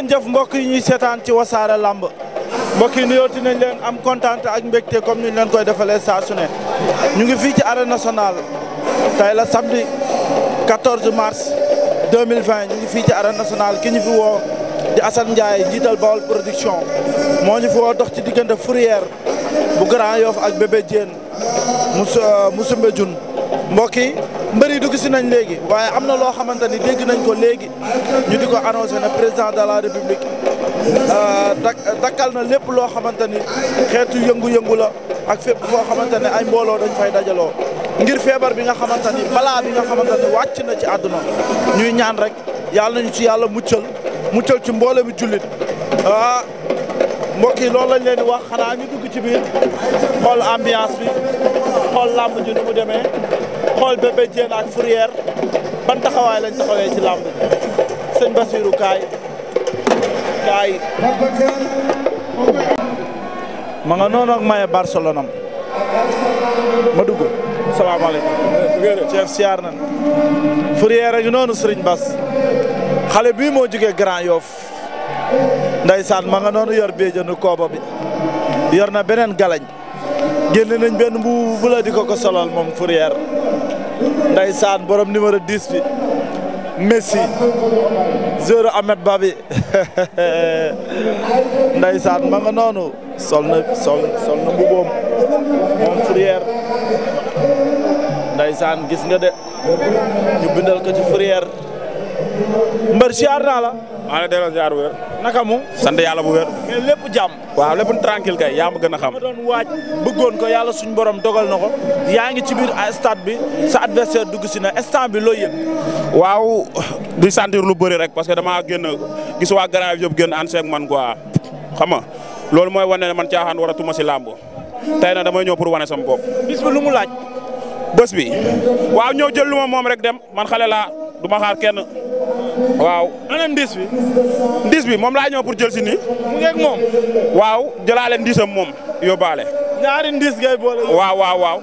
ngeen jëf mbokk yi ñuy seetaan ci wasaare lamb mbokk yi nuyooti nañ leen am kontaan ak mbégte comme ni ñu leen koy defalee saa su ñu ngi fii ci arène national tey la samedi 14 mars 2020 ñu ngi fii ci arène nationale ki ñu fi woo di Assane Ndiaye jiital Baol production moo ñu fi woo dox ci diggante Fourrière bu Grand Yoff ak Bébé Diène mu Soumbédioune mbër yi dugg si nañ léegi waaye am na loo xamante ni dégg nañ ko léegi ñu di ko annoncé na président de la république euh, dak dakkal na lépp loo xamante ni xeetu yëngu-yëngu ak fépp foo xamante ne ay mbooloo dañ fay dajaloo ngir feebar bi nga xamante ni balaa bi nga xamante ni wàcc na ci àdduna ñuy ñaan rek yàlla ñu ci yàlla muccal muccël ci mboole bi jullit ah mbokk yi loolu lañ wax xanaa ñu dugg ci biir xool ambiance bi xool làmb ji nu mu demee xool Bébé Diène lañ taxawee ci làmb ma nga noonu ak maye Barcelonam ma dugg siyaar nan Fourrière a noonu Sëriñ Bas xale bii moo jógee Grand Yoff saan ma nga noonu yor béjjënu kooba bi yor na beneen galañ génne nañ benn bu bu la di ko ko moom Fourrière ndeysaan borom numéro 10 bi Messi zéro Ahmed Babi ndeysaan ma nga noonu sol na sol sol na mbuboom moom gis nga de ñu bindal ko ci mbër siyaar naa la. maa ngi lay siyaar bu wér. naka mu. sant yàlla bu wér. mais lépp jàmm. waa lépp tranquille kay yaa ma gën a xam. ma doon waaj bëggoon ko yàlla suñu borom dogal na ko yaa ngi ci a stade bi sa adversaire dugg si na instant bi loo yëg. waaw di sentir lu bëri rek parce que damaa génn gis waa garab yëpp génn ànd seeg man quoi xam nga loolu mooy wane ne man caaxaan waratuma si làmb tey na damay ñëw pour wane sama bopp. bis lu mu laaj. bés bi waaw ñëw jël lu ma du ma xaar kenn waaw. maanaam ndis bi. ndis bi moom laa ñëw pour jël si nii. mu ngeeg moom. waaw jëlaale ndisam moom yóbbaale. ñaari ndis ngay boole. waaw waaw waaw.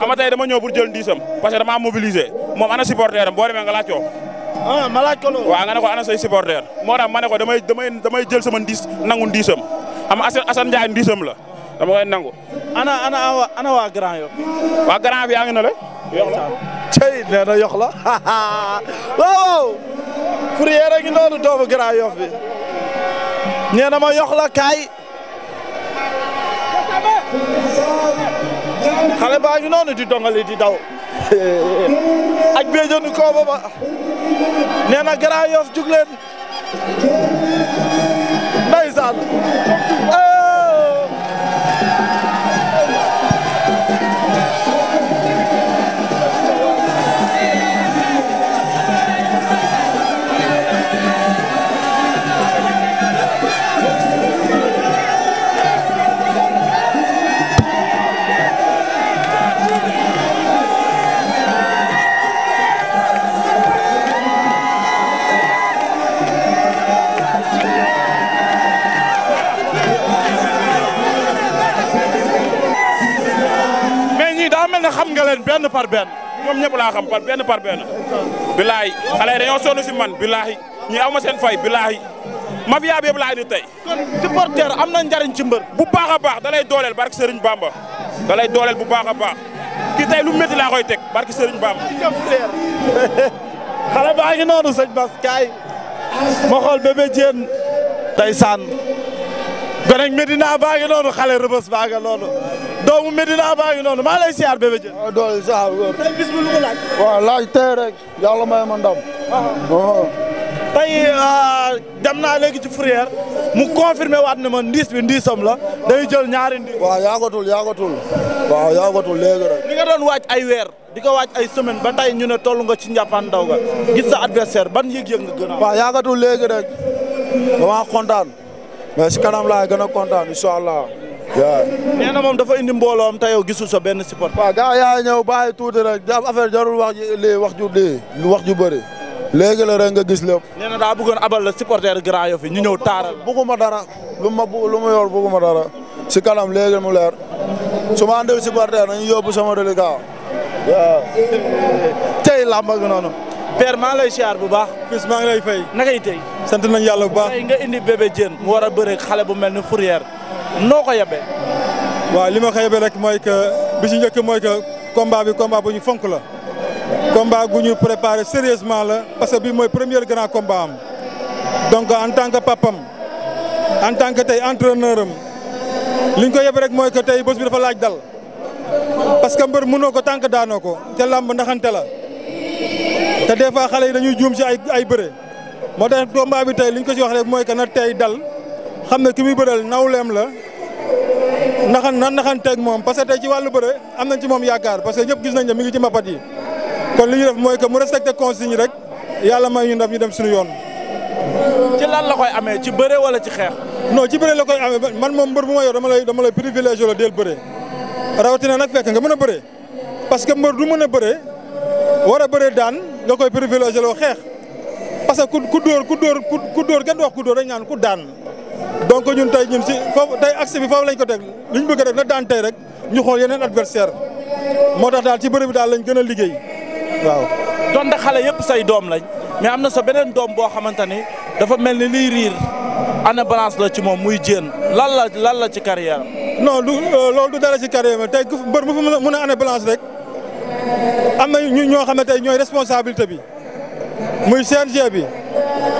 ama tey dama ñëw pour jël ndisam parce que dama mobiliser moom ana supporter am boo demee nga laaj ko. ah ma laaj ko loolu. waaw nga ne ko ana say supporter moo tax ma ne ko damay damay damay jël sama ndis nangu ndisam am Assane Ndiaye ndisam la dama koy nangu. ana waa Grand Yoff. waa Grand Yoff yaa ngi na la. cey nee na yox la waaw Fourrière a ngi noonu doomu Grand Yoff bi nee ma yox la kaay baa ngi noonu di dongali di daw ak béjonu kooba ba nee na Grand Yoff jug leen ndeysaan benn par benn. ñoom ñëpp laa xam par benn par benn. bilaahi xale yi dañoo sonn si man bilaahi ñi aw ma seen fay bilaahi mafia bi yëpp laa indi tey. kon supporter am na njariñ ci mbër. bu baax a baax da lay dooleel barke Serigne Bamba da lay dooleel bu baax a baax kii tey lu métti laa koy teg barke Serigne Bamba. xale baa ngi noonu sëñ Bas kaay ma xool bébé Diène tey saan gonek Medina baa ngi rëbës baa doomu Medina baa ngi noonu maa lay siyaar bébé jën. waaw laaj. tey rek yàlla may ma ndam. tey euh, naa léegi ci fourrière mu confirmé waat ne ma ndiis bi ndiisam la day jël ñaari ndiis. waaw yaagatul yaagatul léegi rek. ni doon waaj ay weer di ko waaj ay semaine ba tey ñu ne toll nga ci njàppaan ndaw nga adversaire ban yëg-yëg nga gën a. waaw léegi rek damaa kontaan mais si kanam laay gën kontaan incha waaw. nee na moom dafa indi mbooloom te yow gisul sa benn support. waaw gars yaa ñëw bàyyi tuuti rek jàpp affaire jarul wax ji wax ju lii wax ju bëri. léegi la rek nga gis lépp. nee na daa bëggoon abal la supporter Grand Yoff yi ñu ñëw taaral. bëgguma dara lu ma lu ma yor bëgguma dara si kanam léegi mu leer su ma andee supporter nañu yóbbu sama délicat waaw. tey làmb ak noonu. père maa lay siyaar bu baax. fils maa ngi lay fay. nakay tey. sant nañu yàlla bu baax. nga indi bébé Diène. mu war a bëre xale bu mel ni Fourrière. noo ko yebee. waaw li ma ko yebee rek mooy que bi ci njëkk mooy que combat bi combat bu ñu fonk la. combat gu ñu préparé sérieusement la parce que bii mooy première grand combat am donc en tant que papam en tant que tey entraîneur am li ñu ko yebee rek mooy que tey bés bi dafa laaj dal. parce que mbër mënoo ko tànk daanoo ko te làmb ndaxante la te des fois xale yi dañuy juum ci ay ay bëre moo tax combat bi tey li ñu ko ci wax rek mooy que na tey dal. xam ne ki muy bëreel nawleem la naxan na nan naxanteeg moom parce que tey ci wàllu bëre am nañ ci moom yaakaar parce que ñëpp gis nañ ne mi ngi ci mbapat yi kon li ñu def mooy que mu respecté consigne rek yàlla may ñu ndam ñu dem suñu yoon. ci lal la koy amee ci bëre wala ci xeex. non ci bëre la koy amee man moom mbër bu ma yor dama lay dama lay privilégié la del bëre rawatina nag fekk nga mën a bëre parce que mbër du mën a bëre war a bëre daan nga koy privilégié loo xeex parce que ku ku dóor ku dóor ku dóor kenn du wax ku dóor ku daan. donc ñun tey ñun si foofu tey accès bi foofu lañ ko teg li ñu bëgg rek na daan tey rek ñu xool yeneen adversaire moo tax daal ci bëre bi daal lañ gën a liggéey waaw. donte xale yëpp say doom lañ mais am na sa beneen doom boo xamante ni dafa mel ni liy riir ana balance la ci moom muy jéen lan la lan la ci carrière non du euh, loolu du dara ci carrière tey ku mbër bu fa mën a ana balance rek am na ñu ñoo xam ne tey ñooy responsabilité bi muy CNG bi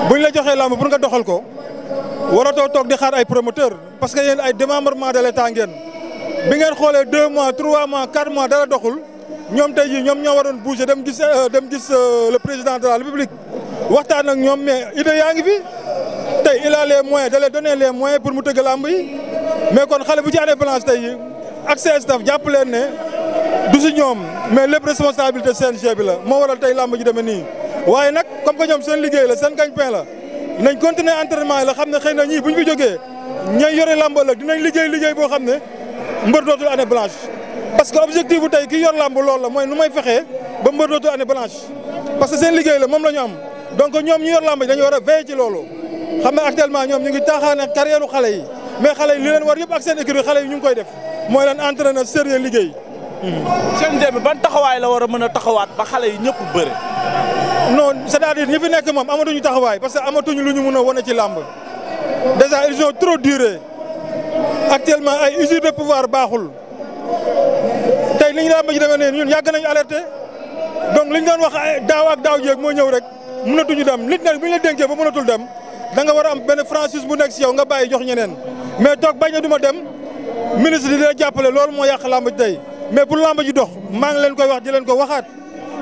buñ la joxee lamb pour nga doxal ko. waratoo toog di xaar ay promoteur parce que yéen ay démembrement de l'état ngeen bi ngeen xoolee deux mois trois mois quatre mois dara doxul ñoom tey jii ñoom ñoo waroon bouger dem gis euh, dem gis euh, le président de la république waxtaan ak ñoom mais idée yaa ngi fi tey il a les moyens da les donner les pour mu tëgg làmb yi mais kon xale bu ci année blanche tey jii ak seen jàpp leen ne du si ñoom mais lépp responsabilité CNG bi la moo waral tey làmb ji demee nii waaye nag comme que ñoom seen liggéey la la. nañ continuer entraînement yi la xam ne xëy na ñii bu ñu fi jógee ñooy yore làmb ëllëg dinañ liggéey liggéey boo xam ne mbër dootul année blanche. parce que objectif bu tey ki yor làmb lool la mooy nu may fexee ba mbër dootul année blanche parce que seen liggéey la moom la am donc ñoom ñu yor làmb dañu war a veiller ci loolu xam ne actuellement ñoom ñu ngi taaxaane carrière xale yi mais xale yi li leen war yëpp ak seen xale yi ñu ngi koy def mooy leen entraîneur sérieux liggéey CNG bi ban taxawaay la war a mën a taxawaat ba xale yi ñëpp bëre. non c'est-à-dire ñi fi nekk moom amatuñu taxawaay parce que amatuñu lu ñu mun a wane ci làmb déjà ils ont trop duré actuellement ay usure de pouvoir baaxul tey li ñu làmb ji demee nii ñun yàgg nañu alerté donc li ñu doon wax daaw ak daaw jéeg moo ñëw rek mënatuñu dem nit nag bu ñu la dénkee ba mënatul dem da nga war a am benn franchise bu nekk si yow nga bàyyi jox ñeneen mais toog bañ a du dem ministre di la jàppale loolu moo yàq làmb ji tey. mais pour làmb ji dox maa ngi leen koy wax di leen ko waxaat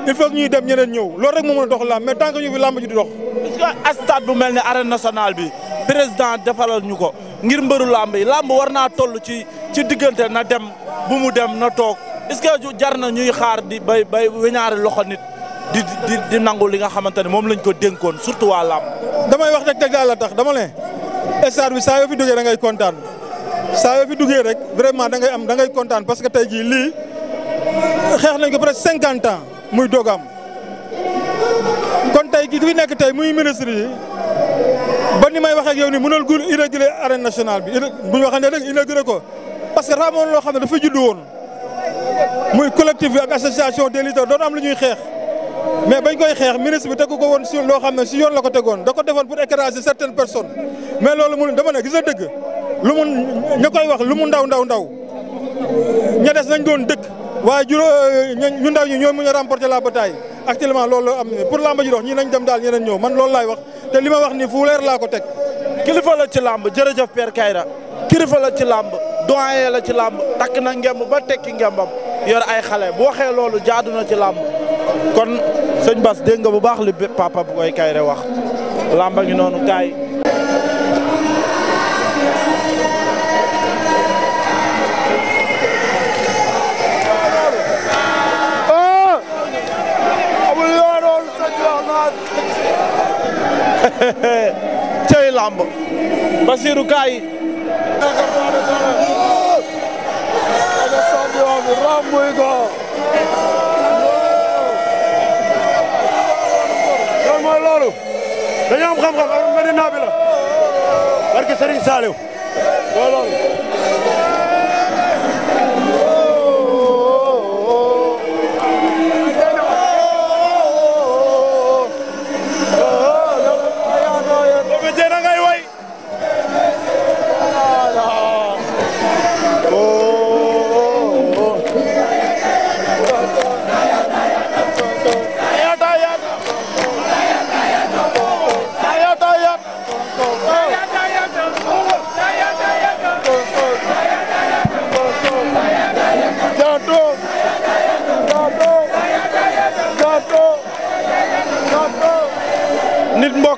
il faut ñuy dem ñeneen ñëw loolu rek moo mën a dox làmb mais tant que ñu fi làmb ji dox. est stade bu mel ne arène nationale bi président defalal ñu ko ngir mbëru làmb yi làmb war naa toll ci ci diggante na dem bu mu dem na toog est-ce que jar na ñuy xaar di bay bay weñaari loxo nit. di di di nangu li nga xamante ne moom lañ ko dénkoon surtout waa làmb. damay wax rek dëgg la tax dama ne stade bi saa yoo fi duggee ngay kontaan. saa yoo fi duggee rek vraiment da ngay am da ngay kontaan parce que tey jii lii xeex nañ ko presque cinquante ans muy doog am kon tey ki fi nekk tey muy ministre yi ba ni may wax yow ni mënal gu inauguré arène nationale bi bu ñu waxee rek inauguré ko parce que dafa amoon loo xam ne dafa juddu woon muy collectif bi ak association des lutteurs doon am lu ñuy xeex mais bañ koy xeex ministre bi tegu ko woon si loo xam ne si yoon la ko tegoon d ko defoon pour écraser certaines personnes mais loolu mu dama ne gis lu mu ña koy wax lu mu ndaw ndaw ndaw ña des nañ doon dëkk waaye juróo ñu ndaw ñi ñoo mu a remporter la taay actuellement loolu am pour làmb ji dox ñi nañ dem daal ñeneen ñëw man loolu laay wax te li ma wax ni fu leer laa ko teg. kilifa la ci làmb jërëjëf per Kayra kilifa la ci làmb doyen la ci làmb takk na ngemb ba tekki ngembam yor ay xale bu waxee loolu jaadu na ci làmb kon sëñ Bass dégg nga bu baax li papa bu koy Kayra wax làmba ngi noonu kaay. cey làmb Basiru kaay dañoo am xam-xam arum benn naabi la barke Serigne Saliou loolu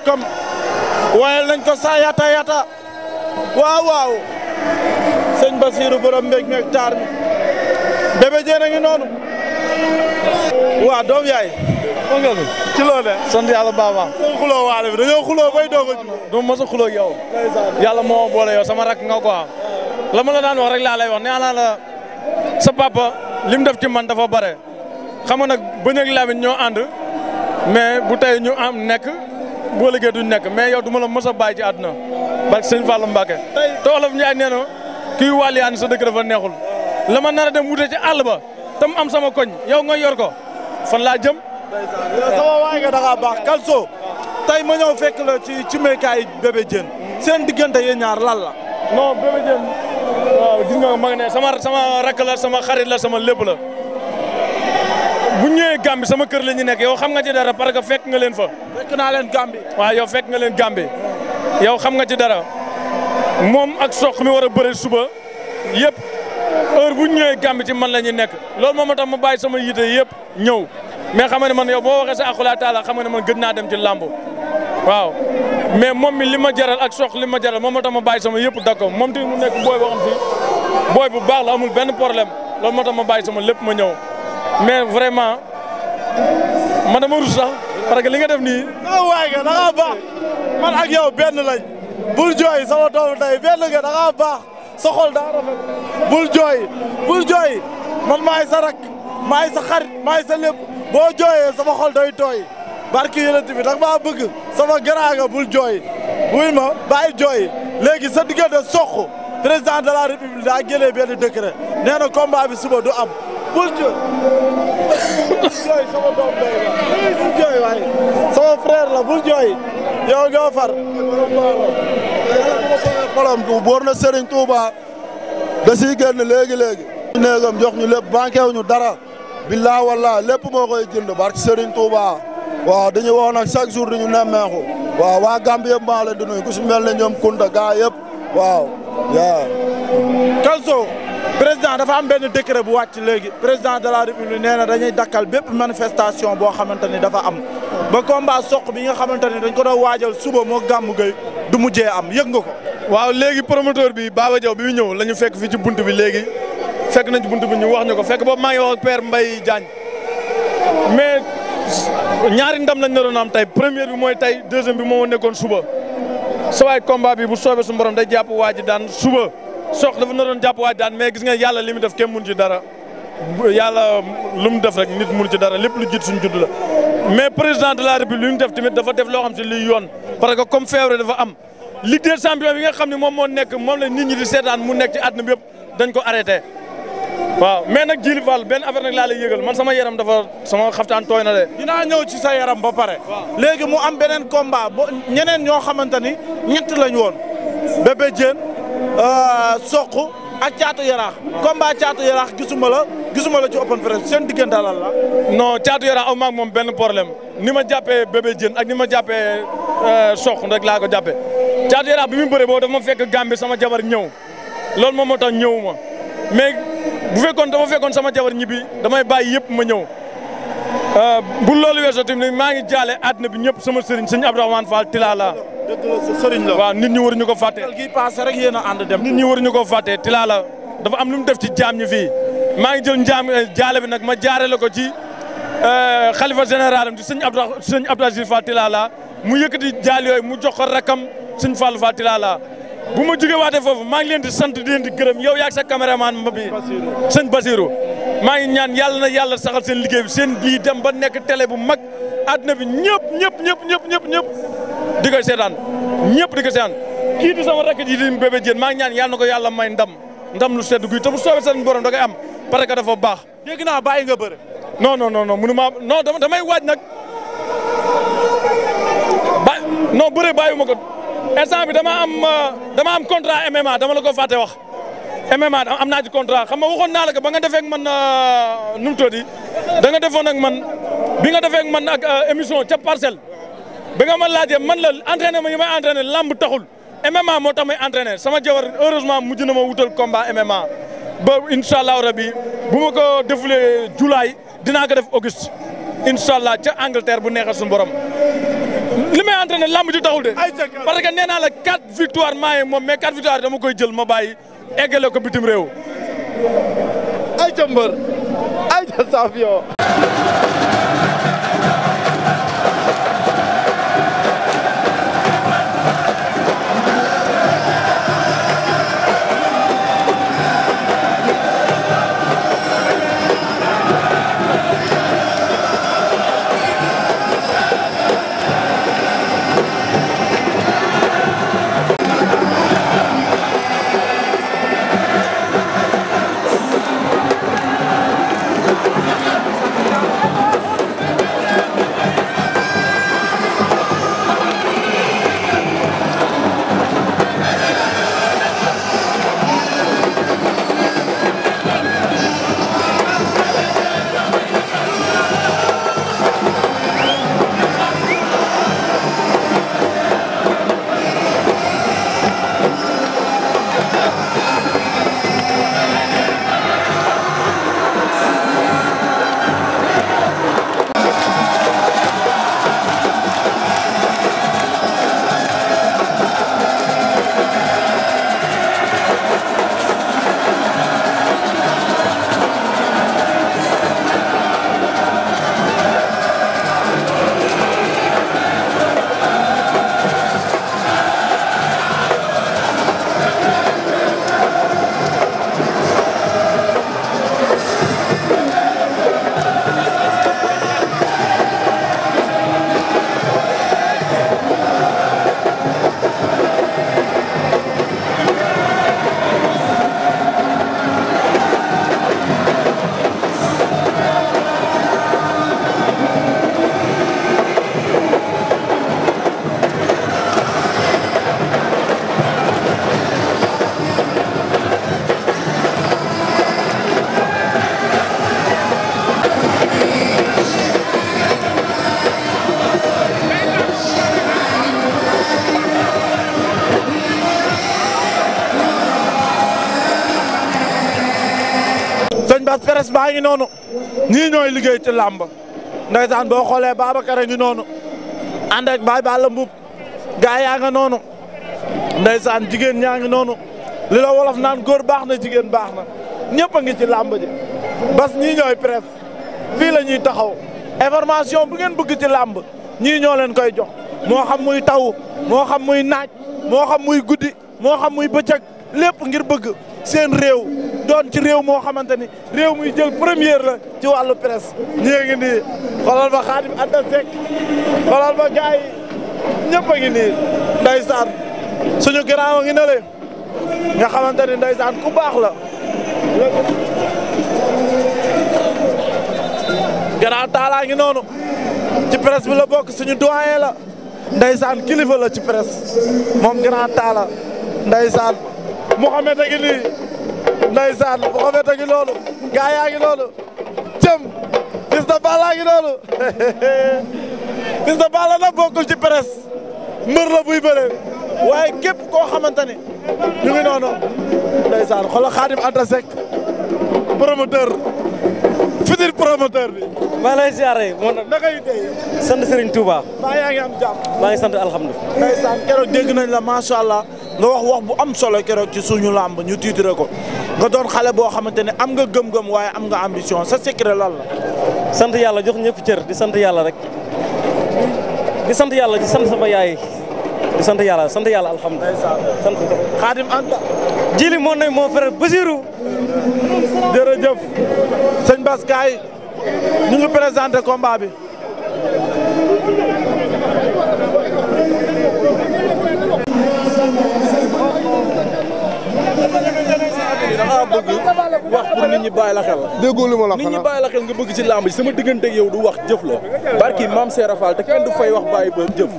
rakkam wayal nañ ko saa yata yata waaw waaw sëñ Basiiru borom mbég meeg taar bi Bébé Diène noonu waaw doom yaay nga ko ci loole sant yàlla baax baax xuloo waale bi dañoo xuloo bay doog a du mos a xuloo ak yàlla moo boole yow sama rakk nga quoi la ma la daan wax rek laa lay wax nee naa sa papa li mu def ci man dafa bare xam nag bëñ ak ñoo ànd mais bu ñu am bu ko liggéey nekk mais yow duma la mos a aduna ci àdduna barke sëñ Fallou Mbacke te olof Ndiaye nee na kuy wàlliyaan sa dëkk dafa neexul la ma nar a dem wute ci àll ba tam am sama koñ yow nga yor ko fan laa jëm sama waay nga da ngaa baax Kalso tey ma ñëw fekk la ci ci meekaay bébé seen diggante yéen ñaar lan la non bébé jën sama sama rakk la sama xarit la sama lépp la bu ñëwee Gambie sama kër la ñu nekk yow xam nga ci dara parce que fekk nga leen fa. fekk naa leen Gambie. waaw yow fekk nga leen Gambie yow xam nga ci dara moom ak soq mi war a bëre suba yëpp heure bu ñëwee Gambie ci man la ñu nekk lool moom moo tax ma bàyyi sama yite yëpp ñëw mais xam nga ne man yow boo waxee sa akula taala xam nga ne man gën naa dem ci làmb waaw mais moom mi li ma jaral ak sox li ma jaral moom moo tax ma bàyyi sama yëpp d'accord moom ti mu nekk booy boo xam si booy bu baax la benn problème loolu moo tax ma bàyyi sama lépp ma ñëw. mais vraiment man dama rus sax parce que li nga def nii. ah waay nga da ngaa man ak yow benn lañ bul jooy sama doomu day benn nga da ngaa baax sa xol daa rafet bul jooy bul jooy man maay sa rak maay sa xarit maay sa lépp boo jooyee sama xol day tooy barki yonent bi da bëgg sama garaa nga bul jooy wuy ma bàyyi jooy léegi sa diggante soq président de la république daa jëlee benn décret nee na combat bi suba du am. bul jooy jooy sama doom day la bul jooy na Serigne Touba da siy génn léegi jox ñu lépp banqué ñu dara billaa wallaa lépp moo koy jënd barke Serigne Touba waaw dañu wax nag chaque jour dañu nemmeexu waaw waa Gambie yëpp maa leen di nuyu ku mel ne ñoom Kounda gaa yëpp waaw waaw. Kalso président dafa am benn décret bu wàcc léegi président de la république nee na dañuy dakkal bépp manifestation boo xamante ni dafa am. ba combat soq bi nga xamante ne dañ ko doon waajal suba moo gàmm gay du mujjee am yëg nga ko. waaw léegi promoteur bi Baba Diaw bi ñëw la ñu fekk fii ci bunt bi léegi fekk nañu bunt bi ñu wax ñu ko fekk boobu maa ngi wax ak mbay Mbaye mais ñaari ndam lañ naroon am tey première bi mooy tey deuxième bi moo nekkoon suba. sa waay combat bi bu soobee suñu borom day jàpp waa ji daan suba sox dafa noroon jàpp waa daan mais gis nga yàlla li mu def kenn mun ci dara yàlla lu mu def rek nit mun ci dara lépp lu jiit suñu judd la mais président de la république li mu def tamit dafa def loo xam si liy yoon parce que comme feebar dafa am ligue des champions bi nga xam ne moom moo nekk moom la nit ñi di seetaan mu nekk ci na bi yëpp dañ ko arrêté waaw mais nag Djily Fall benn affaire nag laa lay man sama yaram dafa sama xaftaan tooy na de. dinaa ñëw ci sa yaram ba pare. léegi mu am beneen combat ñeneen ñoo xamante ni ñett lañu woon. Bébé Diène euh, soq ak caatu yaraax. combat caatu yaraax gisuma la gisuma la ci open press seen diggante daal la. non caatu yaraax aw maag moom benn problème ni ma jàppe Bébé Diène ak ni ma jàppee euh, soq rek laa ko jàppee caatu yaraax bi mu bëree boo dafa ma fekk Gambie sama jabar ñëw loolu moom moo tax ñëwuma. mais bu fekkoon dama fekkoon sama jabar ñibbi damay bàyyi yëpp ma ñëw euh, bu loolu weesoo tamit maa ngi jaale àddina bi ñëpp sama sëriñ sëñ Abdourahmane Fall Tilala. dëgg la sa sëriñ la waaw nit ñi waruñu ko fàtte. kii rek yéen a ànd dem. nit ñi waruñu ko fàtte Tilala dafa am lu mu def ci jaam ñi fii maa ngi jël njaam euh, jaale bi nag ma jaarale ko ci euh, xalifa général am di sëñ Abdou sëñ mu yëkkati jaal yooyu mu jox ko rakam sëñ Fall Fall Tilala bu ma jóge waate foofu maa ngi leen di sant di leen di gërëm yow yaag sa caméraman ma bi sëñ Basirou maa ngi ñaan yàlla na yàlla saxal seen liggéey bi sen bii dem ba nekk télé bu mag àdduna bi ñëpp ñëpp ñëpp ñëpp ñëpp ñëpp di koy seetaan ñëpp di ko seetaan kii di sama rakk ji di bébé jeen maa ngi ñaan yàlla na ko yàlla may ndam ndam lu sedd guy te bu soobee seen borom da koy am parce que dafa baax. dégg naa bàyyi nga bëre. non non non non munu maa dama damay waaj nag ba non bëre bàyyi ko. instant bi dama am euh, dama am contrat MMA dama la ko fàtte wax MMA am naa ci contrat xam nga waxoon naa la ko ba nga defee man euh, nu mu tudd da nga defoon ak man bi nga defee ak man ak euh, émission ca parcelle bi nga ma laajee man la entraîné ma yi may entraîné lamb taxul MMA moo tax may sama jawar heureusement mujj na ma wutal combat MMA ba incha allahu rabi bu ma ko defulee julaay dinaa ko def auguste incha allah ca Angleterre bu neexee suñu borom. li may entraîné lamb ji taxul de. parce que nee naa la quatre victoire maa ngi moom mais quatre victoire dama koy jël ma bàyyi eggale ko bitim réew. ay ca ay ca saaf yaa ngi noonu liggéey ci làmb ndeysaan boo xoolee Babacar a ngi noonu ànd ak Baye Balla Mbuub gaa yaa noonu ndeysaan jigéen ñaa ngi noonu li wolof naan góor baax na jigéen baax na ñëpp a ngi ci làmb ji bas ñii ñooy presse fii la ñuy taxaw information bu ngeen bëgg ci làmb ñii ñoo koy jox moo xam muy taw moo xam muy naaj moo xam muy guddi moo xam muy bëccëg lépp ngir bëgg seen réew doon ci réew moo xamante ni réew muy jël premier la ci wàllu presse ñée ngi nii xoolal ba xaadim adda sek xoolal ba gars yi ngi nii ndeysaan suñu grand ngi na le nga xamante ni ndeysaan ku baax la grand taalaa ngi noonu ci presse bi la bokk suñu doyen la ndeysaan kilifa la ci presse moom grand taala ndeysaan Mouhamed a ngi nii ndeysaan bu xofet a ngi loolu gaa loolu jëm Fils de loolu Fils de Balla nag bokkul ci la buy bëre waaye képp koo xamante ne ñu ngi noonu ndeysaan xoolal Xaadim Anta Seck promoteur futur promoteur bi. maa lay ziare moom nag. naka yi tey. sant Serigne Touba. maa ngi sant alhamdulilah. ndeysaan keroog dégg nañ la macha allah. nga wax wax bu am solo keroog ci suñu làmb ñu tiitre ko nga doon xale boo xamante ne am nga gëm-gëm waaye am nga ambition sa secret lal la. sant yàlla jox ñëpp cër di sant yàlla rek di sant yàlla di santa sama yaay sant yàlla sant yàlla alhamdulilah sant xaadim anta jili moo ne moo frère Basirou jërëjëf sëñ Bass Kaay ñu ngi présenté combat bi. laa bëgg wax pour nit ñi bàyyi la xel. déggoo li ma la wax nit ñi bàyyi la xel nga bëgg ci làmb ji sama digganteeg yow du wax jëf la barki maam Seera Fall te kenn du fay wax bàyyi ba jëf.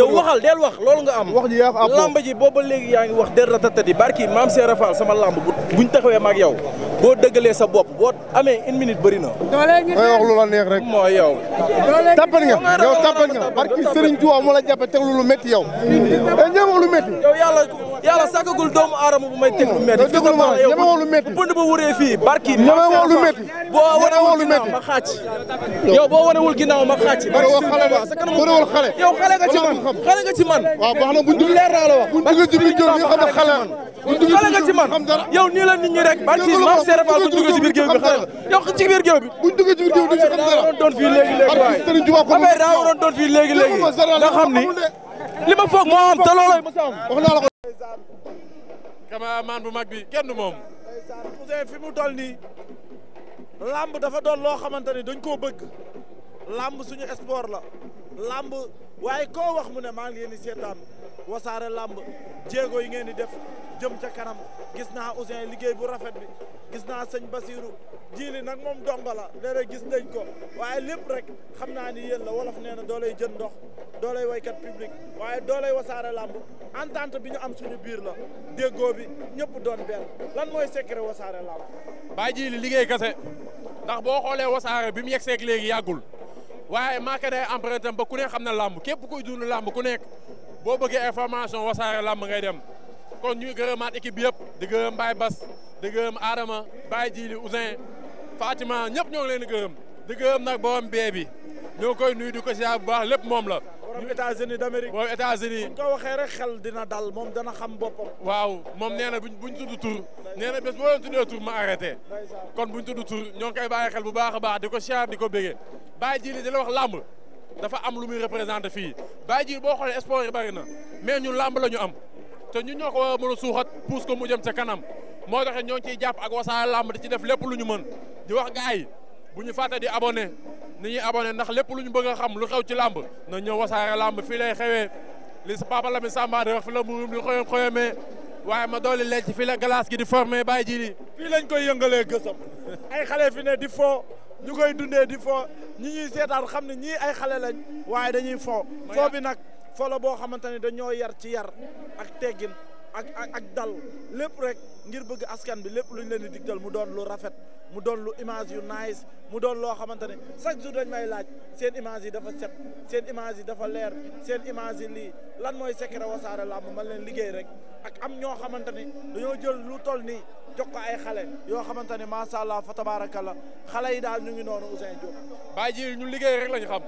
yow waxal del wax loolu nga am. wax ji yaa ko am làmb ji booba léegi yaa ngi wax del ratatati barki maam Seera Fall sama làmb buñ taxawee maag yow boo dëggalee sa bopp boo ame une minute bëri na. dooleegi ngay wax lu la neex rek. moo yow. dooleegi tapal nga yow tapal nga barki Serigne Touba moo la jàppe teg lu métti yow. te ñëw wax lu métti. yow yàlla yàlla sàkkagul doomu aadama bu may teg lu métti. yow déglu ma ñeme wax lu métti. bu bënd ba wuree fii barki. ñeme wax lu métti. boo wanewul ginnaaw ma xaaj. yow boo wanewul ginnaaw ma xaaj. bëriwul xale bëriwul xale. yow xale nga ci man xale nga ci man. waaw baax na buñ dul leer naa la wax buñ dul jublu xale nga man yow nii la nit ñi rek ba ci maam Serafal bu duggee ci biir géew bi xale yow ci biir géew bi buñ duggee ci biir géew bi duñ daa waroon doon léegi léegi nga xam ni li ma foog moo am ma saam wax naa la ko cameraman bu mag bi kenn du fi mu toll nii lamb dafa doon loo xamante ni dañ koo bëgg lamb suñu sport la lamb waaye ko wax mu ne maa ngi leen seetaan wasaare làmb jéego yi ngeen di def jëm ca kanam gis naa Ouzin liggéey bu rafet bi gis naa sëñ Basiru jiili nag moom dongo la léeg gis nañ ko waaye lépp rek xam naa ni yéen la wolof nee na doolay jën ndox doolay waykat public waaye doolay wasaare làmb entente bi ñu am suñu biir la déggoo bi ñëpp doon benn lan mooy secret wasaare làmb baa jiili liggéey kase ndax boo xoolee wasaare bi mu yegg seeg léegi yàggul waaye marqué day empreinte ba ku ne xam na làmb képp kuy dund làmb ku nekk boo bëggee information wasaare làmb ngay dem kon ñuy a équipe bi yëpp di gërëm Baye Bas di gërëm Adama Baye Djili Ousin Fatima ñëpp ñoo leen di gërëm di gërëm nag borom bee bi ñoo koy nuyu di ko siyaar bu baax lépp moom la. borom États-Unis d'Amérique borom États-Unis bu ko waxee rek xel dina dal moom dana xam boppam. waaw moom nee na buñ buñ tudd tur nee na bés boo leen tuddee tur ma arrêté kon buñ tuddu tur ñoo ngi koy bàyyi xel bu baax a baax di ko siyaar di ko bége Baye Djili di la wax làmb. dafa am lu muy représenté fii Baye Djily boo xoolee sport yi bari na mais làmb la ñu am te ñun ñoo ko war a ko mu jëm ca kanam moo tax ñoo ngi ciy jàpp ak Wassare Làmb di ci def lépp lu ñu mën di wax ga yi bu ñu fàtte di abonné ni ñuy abonné ndax lépp lu ñu bëgg a xam lu xew ci làmb na ñëw Wassare Làmb fii lay xewee li sa papa Lamine Samba fi la murum li xoyom xoyomee waaye ma dooli lecc fii la glace gi di formé Baye Djily fii lañ koy yëngalee gësam ñu koy dundee di fo ñi ñuy seetaan xam ne ñii ay xale lañ waaye dañuy fo fo bi nag fo la boo xamante ne dañoo yar ci yar ak teggin ak ak ak dal lépp rek ngir bëgg askan bi lépp lu ñu leen di digtal mu doon lu rafet mu doon lu image yu nice mu doon loo xamante ne chaque jour dañ may laaj seen image yi dafa set seen image yi dafa leer seen image yi lii lan mooy secret Wassare mu man leen liggéey rek ak am ñoo xamante ni dañoo jël lu toll nii jox ay xale yoo xamante ne macha allah fa xale yi daal ñu ngi noonu Ousin Diop. bàyyi ji ñu liggéey rek lañu xam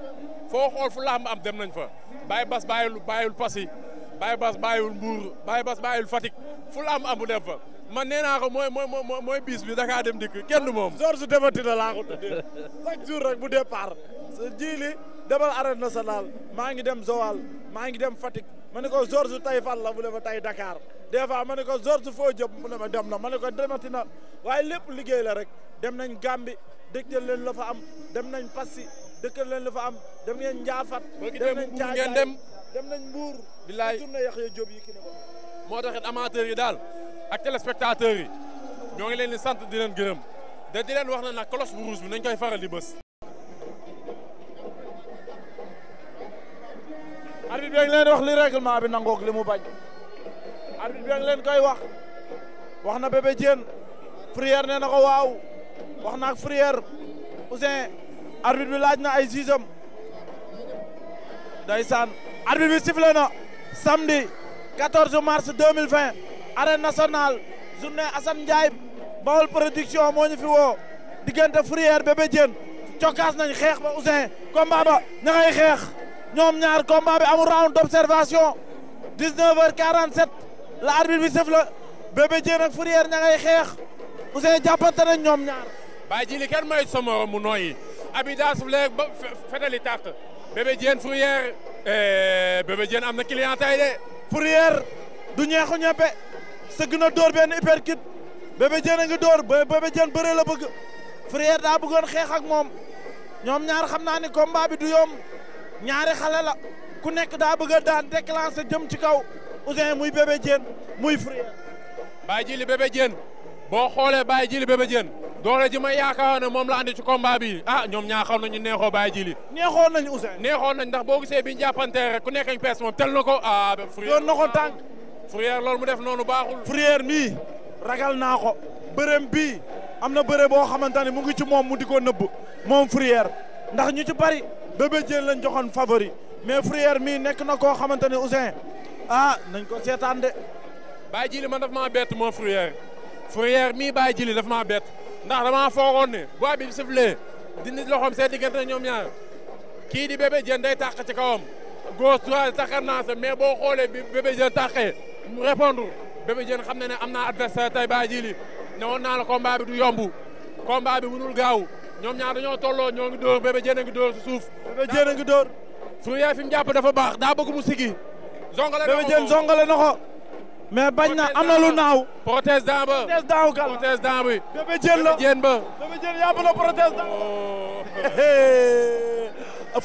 foo xool fu laam am dem nañ fa bàyyi bas bàyyil bàyyil yi Baye Bass bàyyiwul Mbour Baye Bass bàyyiwul Fatick fu la am amu def fa man nee naa ko mooy mooy mooy bis bi Dakar dem dikk kenn du moom. Georges Defatina laa ko tuddee chaque jour rek bu départ jiili demal arène nationale maa ngi dem Joal maa ngi dem Fatick ma ne ko Georges tey fan la bu ne ma tey Dakar des fois ma ne ko Georges foo jëm mu ne ma dem na ma ne ko demati na waaye lépp liggéey la rek dem nañ Gambie dëkkal leen la fa am dem nañ Passy dëkkal leen la fa am dem ngeen Njaafat. dem nañ Caajaay ngeen dem. dem nañ Mbour. billaay tourné Yaxya Diop yi kii na ko. moo taxit amateurs yi daal ak téléspectateurs yi ñoo ngi leen di sant di leen gërëm de di leen wax na nag cloche bu rouge bi nañ koy faral di bës. bi ngi leen wax li règlement bi nangook li mu bañ arbitre bi koy wax wax na Bébé Diène Fourrière nee na ko waaw wax na ak Fourrière Ousseyn arbitre bi laaj na ay siisam ndeysaan arbitre bi na samedi 14 mars 2020 arène nationale journée Assane Ndiaye Baol production moo ñu fi woo diggante Fourrière Bébé cokkaas nañ xeex ba Ousseyn combat ba ña ngay xeex ñoom ñaar combat bi amul round d'observation 19h47 la arbitre bi sifflé Bébé Diène ak Fourrière ña ngay xeex Ousseyn jàppante nañ ñoom ñaar. bàyyi ji kenn mooy sama mu nooyi Abida Souflé ba fetali tàq Bébé Diène Eh, Bébé Diène am na client tay de. Fourrière du ñeexu ñebe sëgg na door benn uppercut Bébé Diène a ngi bëree la bëgg Fourrière daa bëggoon xeex ak moom ñoom ñaar xam naa ni combat bi du yomb ñaari xale la ku nekk daa bëgg a daan déclencher jëm ci kaw Ouzin muy Bébé Diène muy Fourrière. baa Jili Bébé boo xoolee baa Jili Bébé Diène doole ji ma yaakaar ne moom la andi ci ah, ñoom ñaa xaw nañu neexoo bàyyi ji li neexoon nañ Ousseyn neexoon nañ ndax boo gisee bi ñu jàppantee rek ku nekk ñu pees moom tel na ko ah Fourrière doon na ko tànk Fourrière loolu mu def noonu baaxul Fourrière mii ragal naa ko bërëm bii am na bëre boo xamante ne mu ngi ci moom mu di ko nëbb moom Fourrière ndax ñu ci bari Bébé Diène lañ joxoon favori mais Fourrière mii nekk na koo xamante ne Ousseyn ah nañ ko seetaan de bàyyi ji man daf maa bet moom Fourrière Fourrière mii baa ji li daf maa ndax dama foogoon ne bu bi siflee dindi loxoom seen diggante ñoom ñaar kii di bébé jën day tàq ci kawam gauche droite taqarnaase mais boo xoolee bi bébé jën tàqee mu répondre bébé jën xam na ne am naa adversaire tay baa ji li ne woon naa la combat bi du yomb combat bi mënul gaaw ñoom ñaar dañoo tolloo ñoo ngi dóor bébé jën a ngi suuf bébé jën a ngi dóor su yaay fi mu jàpp dafa baax daa bëgg mu sigi zongale bébé jën mais bañ na am na lu naaw. protestant ba protestant wu kan la protestant bi. Bébé Diène la Bébé Diène ba. Bébé Diène na protestant.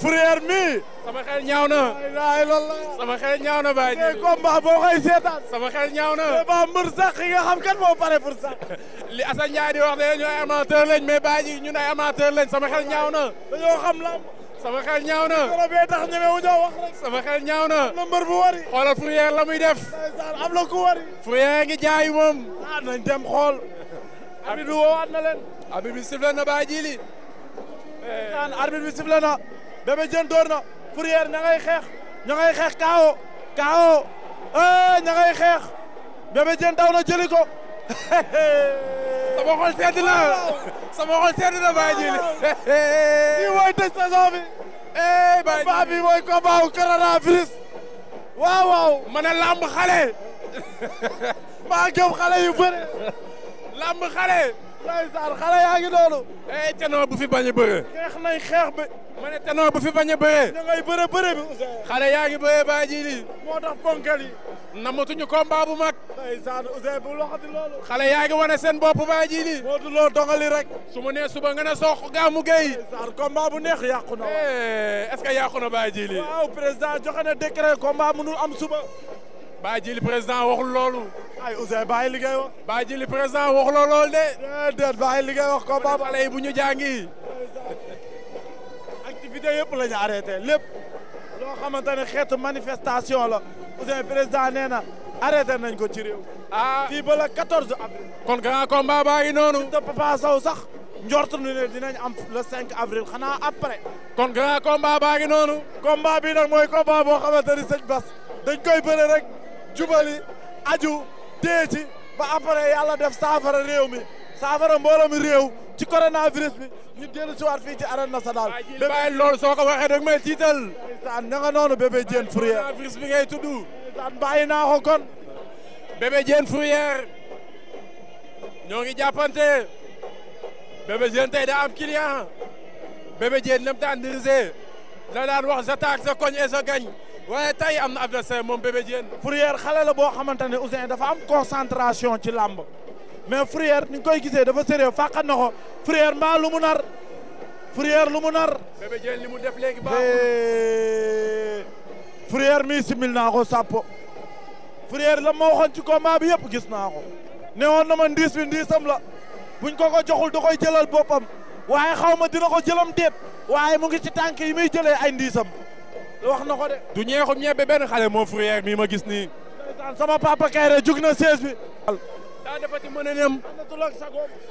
frère mi. sama xel na. ay loolu la. sama xel na baa ji. combat boo koy seetaan. sama xel na. ba mbër sax ki kan moo pare pour li Assane Ndiaye di wax ne ñu ay amateur lañ mais baa ji ñun ay amateur lañ sama xel ñaaw na. dañoo xam lamb. sama xel ñaaw na. dara wari. xoolal Fourrière la def. am ku wari. Fourrière ngi jaay moom. ah nañ xool. arbitre bi woowaat leen. arbitre bi sifflé na baa jiili. daan arbitre bi sifflé na. Bébé Diène xeex. ña xeex K.O. K.O. ña xeex. Bébé Diène daw na sama xol sedd na sama xol sedd na Baye Djily. lii mooy tëj saison bi. eh Baye Djily combat bi mooy combat wu coronavirus. waaw waaw ma ne làmb xale. maa gëm xale yu bëri. làmb xale. ndeysaan xale yaa ngi noonu eh, tenoo bu fi bañ a bëree xeex nañ xeex bi ma tenoo bu fi bañ a bëree bi xale yaa ngi bëree baa ji lii moo tax ponkal yi namatuñu combat bu mag ndeysaan Ousseyn yaa ngi wane seen bopp baa ji lii moo du loo rek su ma nee suba nga ne soq gaamu géy ndeysaan combat neex yàqu na eh, est ce que yàqu na baa ji lii waaw président joxe na décret combat mënul am suba baa ji li président waxul loolu ay Ousseyn bàyyi li ngay wax. bàyyi président wax lool de. déedéet bàyyi li ngay wax ko ba bu ñu jàngi. activité yëpp la ñu lépp. loo xamante ne xeetu manifestation la président nee na nañ ko ci réew. Ah. fii ba la 14 avril. kon grand combat baa ngi noonu. te Papa Sow sax. njort nu ne dinañ am le 5 avril xanaa après. kon grand combat baa ngi noonu. combat bi nag mooy combat boo xamante ni sëñ Bas dañ koy bëre rek jubali aju. téye ci ba après yàlla def saafara réew mi saafara mbooloo mi réew ci coronavirus bi ñu dellu si waat fii ci arène nationale. bàyyi loolu soo ko waxee dag may tiital. ndeysaan na nga noonu bébé Diène Fourrière. coronavirus bi ngay tudd. bàyyi naa ko kon. bébé ngi jàppante bébé Diène tey daa am client bébé Diène nam daan dirisé la daan wax sa taak sa koñ et sa gañ. waaye tey am na adversaire moom Bébé Diène. Fourrière xale la boo xamante ne Ouzin dafa am concentration ci làmb mais Fourrière ni nga koy gisee dafa sérieux fàqat na ko Fourrière mbaa lu mu nar Fourrière lu mu nar. Bébé Diène li mu def léegi baaxul. Fourrière mi simil naa ko sàppo Fourrière la ma waxoon ci combat bi yëpp gis naa ko. ne woon na ma ndiis bi ndiisam la buñ koo ko joxul da koy jëlal boppam waaye xaw ma dina ko jëlam déet waaye mu ngi ci tànk yi muy jëlee ay ndiisam. wax na ko de. du ñeexum ñebe benn xale moo fourrière mi ma gis nii. sama papa Kayre jug na sées bi. daa defati mën a nem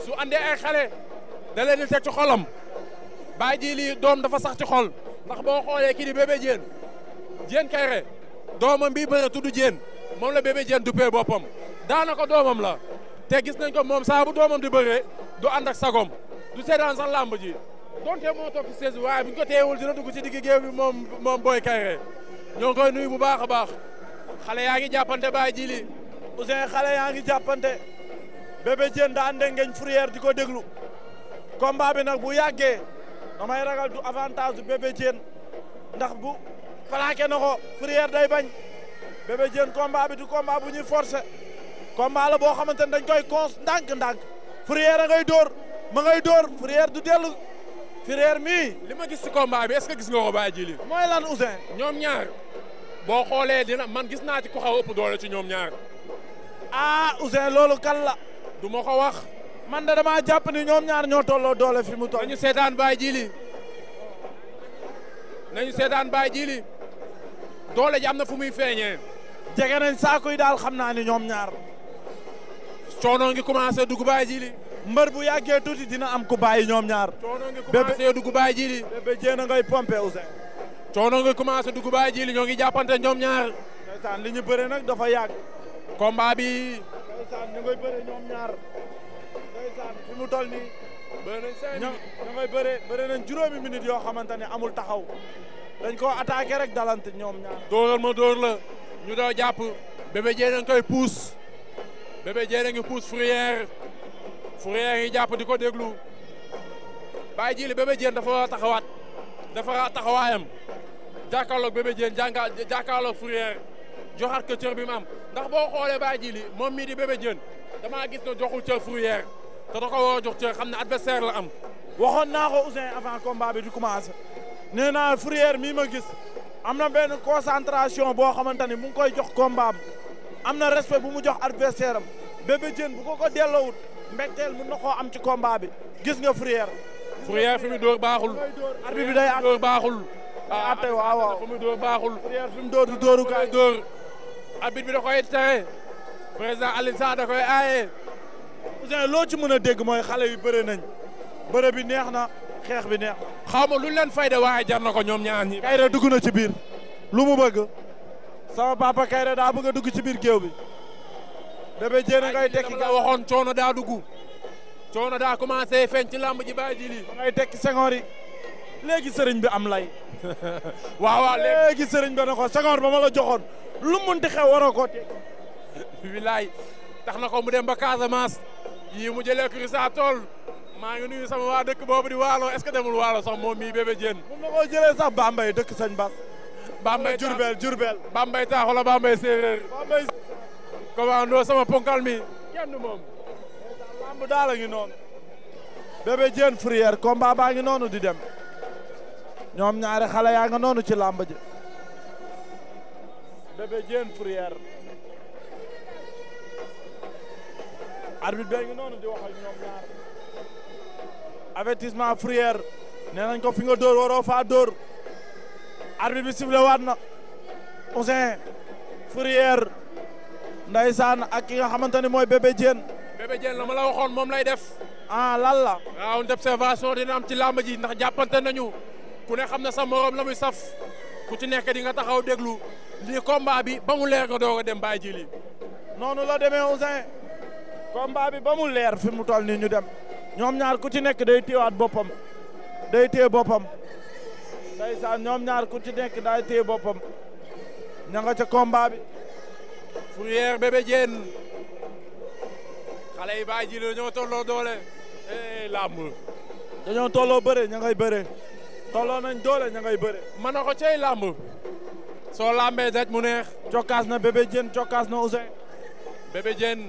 su andee ay xale da leen teg ci xolam bàyyi ji lii doom dafa sax ci xol ndax boo xoolee kii di bébé Diène Diène Kayre doomam bi bëre tudd Diène moom la bébé Diène duppee boppam daanaka doomam la te gis nañ ko moom saa bu doomam di bëree du ànd ak sagom du seetaan sax làmb ji donte moo toog ci saison waaye bu ñu ko teewul dina ci digg géew moom moom Boy Kaïré ñoo ngi koy nuyu bu baax a baax xale yaa ngi jàppante baay ji li Ousseyn xale yaa ngi jàppante Bébé Diène da ànde ngeñ di ko déglu combat bi nag bu yàggee damay ragal du avantage du Bébé ndax bu plaqué na ko Fourrière day bañ Bébé Diène combat bi du combat bu ñuy forcé combat la boo xamante ne dañ koy cons ndànk-ndànk Fourrière a ngay dóor ma ngay dóor Fourrière frère mi li ma gis ci combat bi est-ce que gis nga ko Baye Djili mooy lan Ousseyn ñoom ñaar boo xoolee dina man gis naa ci ku xaw ëpp doole ci ñoom ñaar ah Ousseyn loolu kan la du ma ko wax man da damaa jàpp ni ñoom ñaar ñoo tolloo doole fi mu toll nañu seetaan Baye Djili nañu seetaan Baye Djili doole ji am na fu muy feeñee jege nañ saako yi daal xam naa ni ñoom ñaar coono ngi commencé dugg Baye mbër bu yàggee tuuti dina am ku bàyyi ñoom ñaar. bébé dugg bàyyi jiili. bébé jéen a ngay pompé Ousseyn. coono nga commencé dugg bàyyi jiili ñoo ngi jàppante ñoom ñaar. ndeysaan li ñu bëre nag dafa yàgg. combat bi. ndeysaan ñu ngay bëre ñoom ñaar. ndeysaan fi mu toll nii. bëre nañ cinq minutes ña ngay bëre bëre nañ juróomi minutes yoo xamante ne amul taxaw. dañ koo attaqué rek dalante ñoom ñaar. dóoral ma dóor la ñu doo jàpp. bébé jéen a ngi koy puus. bébé jéen a ngi puus fourrière. fourrière yi jàpp di ko déglu Baye Djily Bébé Diène dafa war a taxawaat dafa war a taxawaayam jàkkaarloog Bébé Diène jànga jàkkaarloog fourrière joxaat ko cër bi mu am ndax boo xoolee Baye Djily moom mii di Bébé Diène damaa gis ne joxul cër fourrière te da ko jox cër xam na adversaire la am. waxoon naa ko Ousseyn avant di commencé nee naa fourrière mii ma gis am na benn concentration boo xamante ni mu ngi koy jox combat am na respect bu mu jox adversaire am Bébé Diène bu ko ko mbetteel mun na am ci combat bi gis nga Fourrière. Fourrière fi dóor baaxul. arbitre bi day àtte dóor baaxul. ah àtte ah, waaw waaw fi dóor baaxul. Fourrière fi mu dóor du dóoru kaay dóor. arbitre bi koy tere. président Alioune Sarr koy aaye. loo ci mën a dégg mooy xale yu bëre nañ bëre bi neex na xeex bi neex na. xaw leen fay de waaye jar na ko ñoom ñaar ñi. Kayre dugg na ci biir lu mu bëgg. sama papa Kayre daa bëgg a dugg ci biir géew bi. Bébé Diène ngay tekki nga waxoon coono daa dugg coono daa commencé feeñ ci làmb ji bàyyi ji ngay tekki sengoor yi léegi sëriñ bi am lay waaw waaw léegi sëriñ bi na ko sengoor ba ma la joxoon lu munti xew waroo koo tekki tax na ko mu dem ba Casamance yii mu jëlee Crissa tool maa ngi nuyu sama waa dëkk boobu di waalo est-ce que demul waalo sax moom mii Bébé Diène mun na koo jëlee sax Bambey dëkk Sëñ Bass Bambey Jurbel Jurbel Bambey taaxu la Bambey commando sama ponkal mi kenn moom lamb daal a ngi noonu bébé Diène baa ngi noonu di dem ñoom ñaari xale yaa nga noonu ci làmb ji bébé Diène Fourrière arbitre bee ngi noonu di wax ak ñoom ñaar avertissement Fourrière nee nañ ko fi nga dóor waroo faa bi sifflé waat na Ousseyn Ndeysaan ak ki nga xamante ni mooy bébé Diène. bébé Diène la ma la waxoon moom lay def. ah lan la. waaw une observation dina ci làmb ji ndax jàppante nañu ku ne xam na sa morom la muy saf ku ci nekk di nga taxaw déglu lii combat bi ba mu leer nga doog a dem bàyyi noonu la deme Ouzin combat bi ba mu leer fi mu toll nii ñu dem ñoom ñaar ku ci nekk day téewaat boppam day téye boppam ndeysaan ñoom ñaar ku ci nekk day téye boppam ña nga ca combat bi. Fourrière Bébé Diène xale yi bàyyi ji doole eh làmb. dañoo tolloo bëre ña ngay bëre. tolloo nañ doole ña bëre. mën na ko cay làmb. soo lambee daj mu neex. cokkaas na Bébé Diène na Ousseyn. Bébé Diène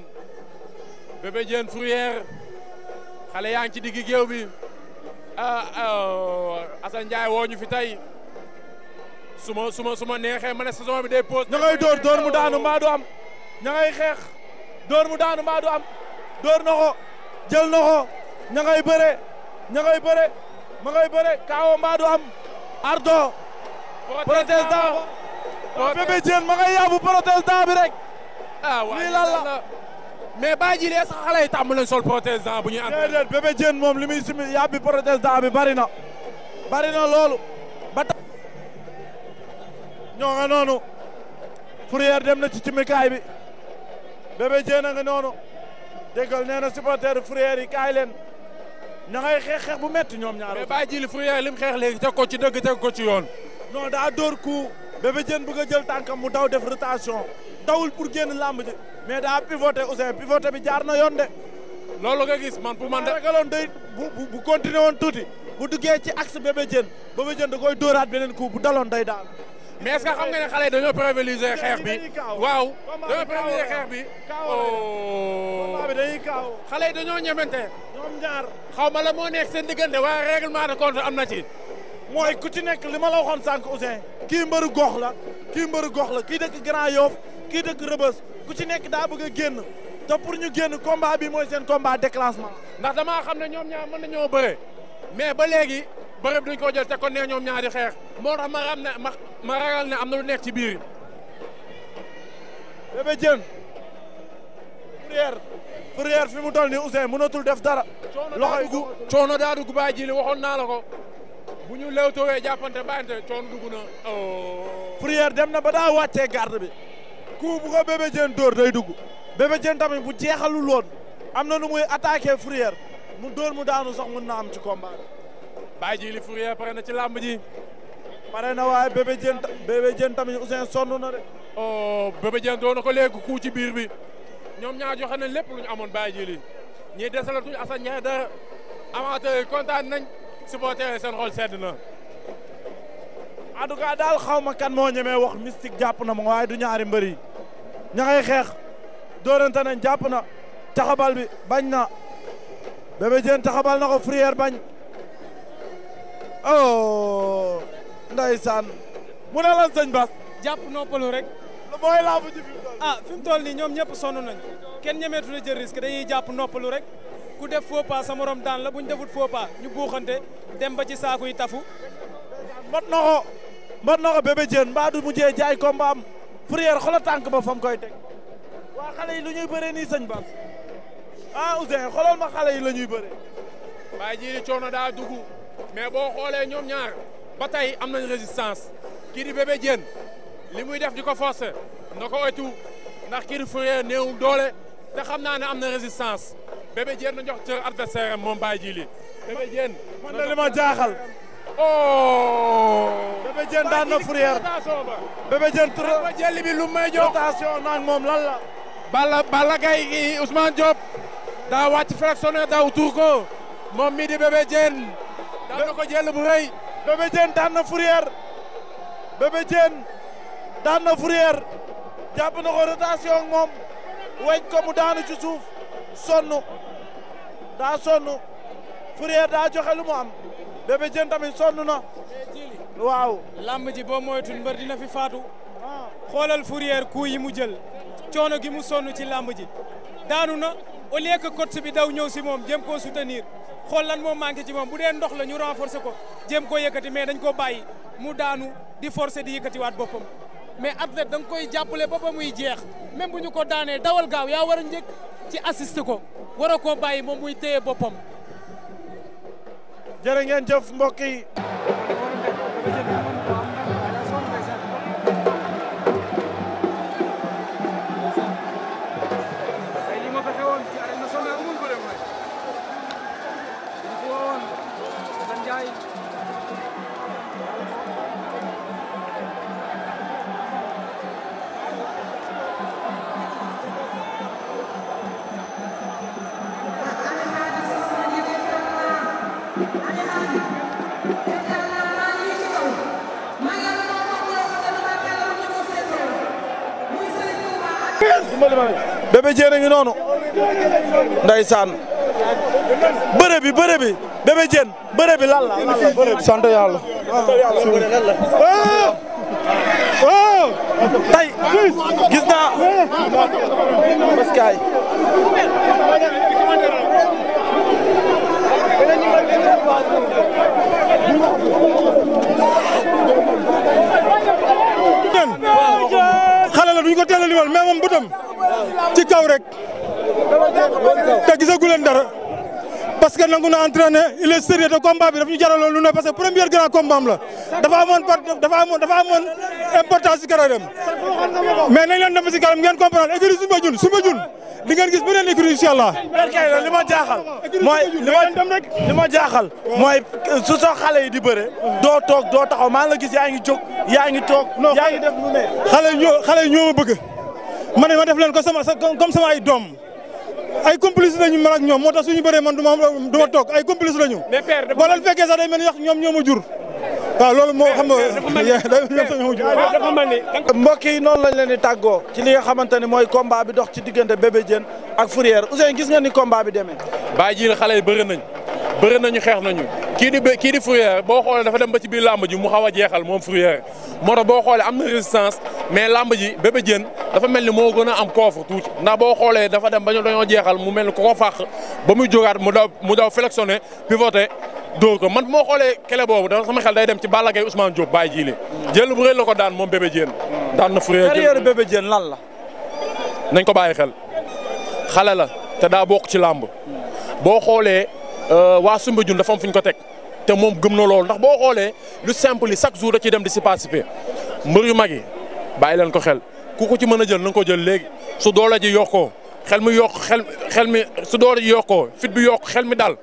Bébé xale yaa ngi ci digg géew bi ah, ah Assane Ndiaye woo su ma suma ma su ma neexee ma ne saison bi day pause. ña ngay dóor dóor mu daanu mbaa du am ña xeex dóor mu daanu mbaa du am dóor na jël na ko ña ngay bëre ña ngay bëre ma ngay mbaa du am do protestant bébé Diène ma ngay yàbbu protestant bi rek ah waaw lii lan la baa ji lee sax xale yi tàmm leen sol protestant bu ñuy am déedéet bébé Diène moom li muy simi yàbbi protestant bi bari na bari na loolu ba ñoo nga noonu dem na ci cimikaay bi Bébé Diène a nga noonu déggal nee na supporter Fourrière yi kaay leen ña ngay xeex xeex bu metti ñoom ñaar mais bàyyi jili Fourrière lim xeex léegi teg ko ci dëgg teg ko ci yoon non daa dóor ku Bébé Diène bëgg a jël tànkam mu daw def rotation dawul pour génn làmb ji mais daa pivoté Ousseyn pivoté bi jaar na yoon de loolu nga gis man pour man de ragaloon day bu bu continué woon tuuti bu duggee ci axe Bébé Diène Bébé Diène koy dóoraat beneen coup bu daloon day daal mais est-ce que xam nga ne xale yi dañoo privilégier xeex bi waaw dañoo privilégier xeex bi oh. xale yi dañoo ñemente ñoom ñaar xaw ma la moo nekk seen diggante waaye règlement de compte am na ci mooy ku ci nekk li ma la waxoon sànq Ousseyn kii mbër gox la kii mbër gox la kii dëkk Grand Yoff kii dëkk Rëbës ku ci nekk daa bëgg a génn te pour ñu génn combat bi mooy seen combat déclassement ndax damaa xam ne ñoom ñaar mën ñoo bëre mais ba léegi bërëb duñ ko jël te kon nee ñoom ñaari xeex moo tax ma ne ma ma ne am na lu nekk ci biir. Bébé Diène. Fourrière. fi mu toll nii Ousseyn mënatul def dara. loxo yi gu coono daa dugg baa ji li waxoon naa la ko. ñu lewtowee jàppante bàyyante coono dugg na. Oh. Fourrière dem na ba daa wàccee garde bi. ku bu ko dóor day dugg. Bébé Diène tamit bu jeexalul woon am na nu muy attaqué Fourrière mu dóor mu daanu sax mën na ci combat Baye Djili Fourier pare na ci làmb ji. pare na waaye bébé jën bébé jën tamit Ousseyn sonn na de. oh bébé ko léegi ku ci biir bi ñoom ñaar joxe nañ lépp lu ñu amoon Baye ñii desalatuñu Assane ñaar dara amateur kontaan nañ supporter seen xol sedd na. en daal xaw ma kan moo ñemee wax mystique jàpp na ma waaye du ñaari mbër yi ña ngay xeex doorante nañ jàpp na taxabal bi bañ na bébé jën taxabal na ko bañ. oh ndeysaan mu ne lan sëñ Bas. jàpp noppalu rek. mooy laa bu ji fi mu toll ah ñoom ñëpp sonn nañ kenn ñemeetu la jël risque dañuy jàpp noppalu rek ku def faux pas sa daan la buñ ñu defut faux pas ñu buuxante dem ba ci saaku yi tafu. mot na ko mot na ko bébé Diène mbaa du mujjee jaay combat am Fourrière xoolal tànk ba fam koy teg waa xale yi lu ñuy bëree nii sëñ Bas ah Ousseyn xoolal ma xale yi la ñuy bëree. waaye coono daa dugg. mais boo xoolee ñoom ñaar ba tey am nañ résistance kii di Bébé li muy def di ko forcer na ko oytu ndax kii di Fourrière néewul doole te xam naa ne am na résistance Bébé Diène jox cër adversaire am moom Baye Djili Bébé Diène man de li jaaxal oh Bébé tur jël bi lu may jox rotation naag moom lan la Balla Balla Gaye Ousmane Diop daa wàcc fractionné daw tuur ko moom mii di Bébé daan na ko jël bu daan na Fourrière Bébé Diène daan na Fourrière jàpp na ko rotation ak moom ko mu daanu ci suuf sonn daa sonn Fourrière daa joxe lu mu am Bébé tamit sonn na waaw làmb boo moytu mbër dina fi faatu xoolal Fourrière coup yi mu jël coono gi mu sonn ci làmb ji daanu na au lieu que coach bi daw ñëw si moom jëm koo soutenir xool lan moo manqué ci moom bu dee ndox la ñu renforcer ko jéem koo yëkkati mais dañ koo bàyyi mu daanu di forcer di yëkkatiwaat boppam mais athlète da nga koy jàppale ba muy jeex même bu ñu ko daanee dawal gaaw yaa war a njëkk ci assiste ko war a koo bàyyi moom muy téye boppam. jërë ngeen jëf mbokk a ngi noonu ndeysaan bëre bi bëre bi Bébé Diène bëre bi lan la sant tay gis naa baskaay eh! ci kaw rek te gisagu leen dara parce que nangu na entraîné il est sérieux de combat bi daf ñu jaraloon lu ne parce que premier grand combat am la dafa amoon dafa amoon dafa amoon importance ci carrière mais nañ leen dem ci ngeen comprendre écurie Soumbédioune Soumbédioune di ngeen gis beneen écurie incha allah. perkay li ma jaaxal. mooy li ma dem rek li ma jaaxal. xale yi di bëre. doo toog doo taxaw maa la gis yaa ngi jóg yaa ngi toog. yaa ngi def lu xale yi ñoo xale bëgg. ma ma def leen ko sama comme sama ay doom ay complice lañu man ak ñoom moo ta suñu bëree man du ma du ma toog ay complice lañu. mais père boo leen fekkee sax day mel ni wax ñoom ñoo ma jur. waaw loolu moo xam nga mbokk yi noonu lañ leen di tàggoo ci li nga xamante ne mooy comba bi dox ci diggante Bébé Diène ak Fourrière Ousseyn gis nga ni combat bi demee. bàyyi jiir xale yi bëri nañ bëri nañu xeex nañu kii di kii di boo xoolee dafa dem ba ci biir làmb ji mu xaw a jeexal moom Fourrière moo tax boo xoolee am na résistance mais làmb ji Bébé Diène dafa mel ni moo gën a am coffre tuuti ndax boo xoolee dafa dem ba ñu dañoo jeexal mu mel ni ku ko fàq ba muy jógaat mu daw mu daw flexionné pivoté dóor ko man moo xoolee kele boobu dafa sama xel day dem ci Balla Gaye Ousmane Diop bàyyi jiile jël bu rëy la ko daan moom Bébé Diène daan na Fourrière carrière Bébé Diène la nañ ko bàyyi xel la te daa bokk ci làmb Euh, waa Soumbédioune dafa am fu ñu ko teg te moom gëm na loolu ndax boo xoolee lu simple yi chaque jour da ciy dem di si participer mbër yu mag yi bàyyi leen ko xel ku ko ci mën a jël na ko jël léegi su doole ji yokkoo xel mi yokk xel xel mi su doole ji yokkoo fit bi yokk xel mi daal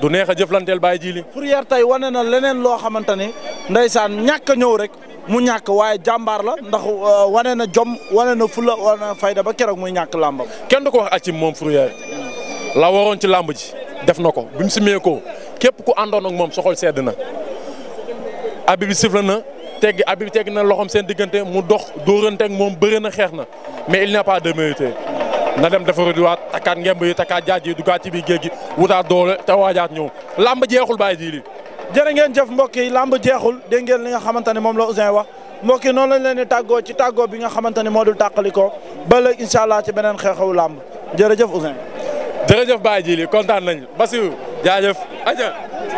du neex a jëflanteel bàyyi ji li Fourrière tey wane na leneen loo xamante ni ndeysaan ñàkk a ñëw rek mu ñàkk waaye jàmbaar la ndax euh, wane na jom wane na fula wane na fayda ba keroog muy ñàkk làmbam kenn du ko wax moom Fourrière la waroon ci làmb ji def na ko bi mu simee ko képp ku àndoon moom soxol sedd na. abi bi sifla na teggi abi bi teggi na loxoom seen diggante mu dox dóorante ak moom bëre na xeex na mais il n'a pas de mérité na dem defaru di waat takkaat ngemb yi takkaat jaaj yi dugaat ci biir géej gi wutaat doole te waajaat ñëw làmb jeexul baay ji li ngeen jëf mbokk yi làmb jeexul dégg ngeen li nga xamante ne moom la Ousin wax mbokk yi noonu leen di tàggoo ci tàggoo bi nga xamante ne moo dul tàqalikoo ba léegi incha allah ci beneen xew làmb jërëjëf Ousin jërëjëf Baye Djili kontaan nañu Basiru jaajëf aja